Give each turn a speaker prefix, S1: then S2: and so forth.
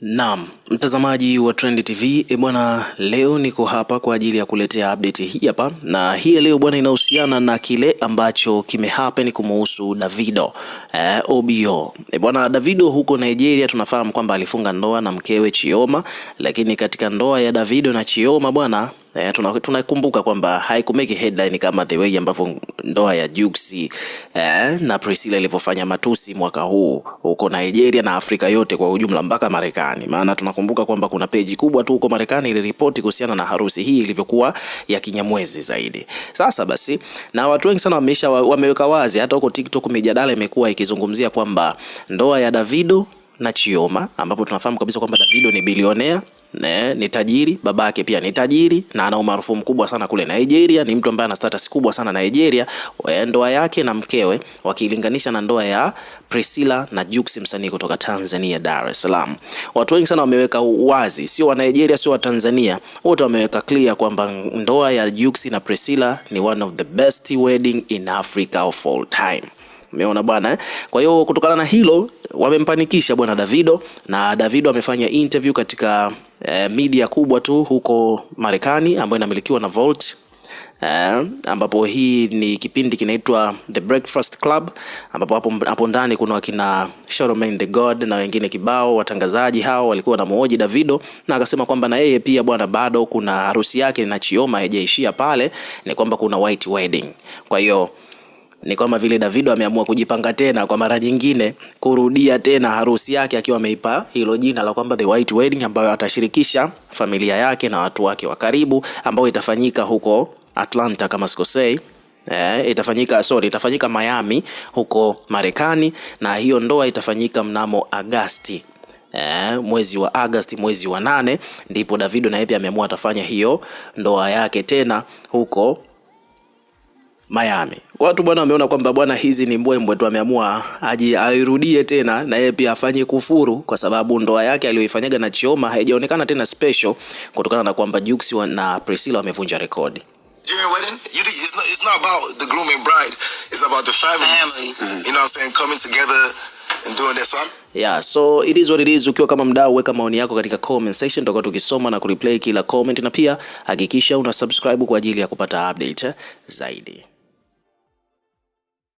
S1: Naam, mtazamaji wa Trend TV e bwana, leo niko hapa kwa ajili ya kuletea update hii hapa, na hii leo bwana inahusiana na kile ambacho kimehappen kumuhusu Davido eh, OBO e bwana. Davido huko Nigeria tunafahamu kwamba alifunga ndoa na mkewe Chioma, lakini katika ndoa ya Davido na Chioma bwana eh, tunakumbuka tuna kwamba haikumeki headline kama the way ambavyo ndoa ya Jux eh, na Priscilla ilivyofanya matusi mwaka huu huko Nigeria na Afrika yote kwa ujumla mpaka Marekani. Maana tunakumbuka kwamba kuna peji kubwa tu huko Marekani iliripoti kuhusiana na harusi hii ilivyokuwa ya kinyamwezi zaidi. Sasa basi, na watu wengi sana wameisha wameweka wazi, hata huko TikTok mijadala imekuwa ikizungumzia kwamba ndoa ya Davido na Chioma ambapo tunafahamu kabisa kwamba Davido ni bilionea ne, eh, ni tajiri, babake pia ni tajiri na ana umaarufu mkubwa sana kule Nigeria, ni mtu ambaye ana status kubwa sana Nigeria. Eh, ndoa yake na mkewe wakilinganisha na ndoa ya Priscilla na Jux, msanii kutoka Tanzania, Dar es Salaam. Watu wengi sana wameweka wazi, sio wa Nigeria, sio wa Tanzania, wote wameweka clear kwamba ndoa ya Jux na Priscilla ni one of the best wedding in Africa of all time. Umeona bwana eh? Kwa hiyo kutokana na hilo wamempanikisha bwana Davido na Davido amefanya interview katika eh, media kubwa tu huko Marekani ambayo inamilikiwa na Volt Uh, ambapo hii ni kipindi kinaitwa The Breakfast Club ambapo hapo, hapo ndani kuna wakina Charlamagne the God na wengine kibao. Watangazaji hao walikuwa wanamuoji Davido na akasema kwamba na yeye pia bwana, bado kuna harusi yake na Chioma haijaishia pale, ni kwamba kuna white wedding, kwa hiyo ni kama vile Davido ameamua kujipanga tena kwa mara nyingine kurudia tena harusi yake akiwa ameipa hilo jina la kwamba The White Wedding, ambayo atashirikisha familia yake na watu wake wa karibu, ambayo itafanyika huko Atlanta kama sikosei. Eh, itafanyika sorry, itafanyika Miami huko Marekani, na hiyo ndoa itafanyika mnamo Agasti eh, mwezi wa Agasti, mwezi wa nane, ndipo Davido naye pia ameamua atafanya hiyo ndoa yake tena huko Miami. Watu bwana wameona kwamba bwana hizi ni mbwembwe tu, ameamua aji airudie tena na yeye pia afanye kufuru, kwa sababu ndoa yake aliyoifanyaga na Chioma haijaonekana tena special kutokana na kwamba Jux na Priscilla wamevunja rekodi. Yeah, so it is what it is. Ukiwa kama mdau, weka maoni yako katika comment section, tutakuwa tukisoma na kureplay kila comment, na pia hakikisha una subscribe kwa ajili ya kupata update zaidi.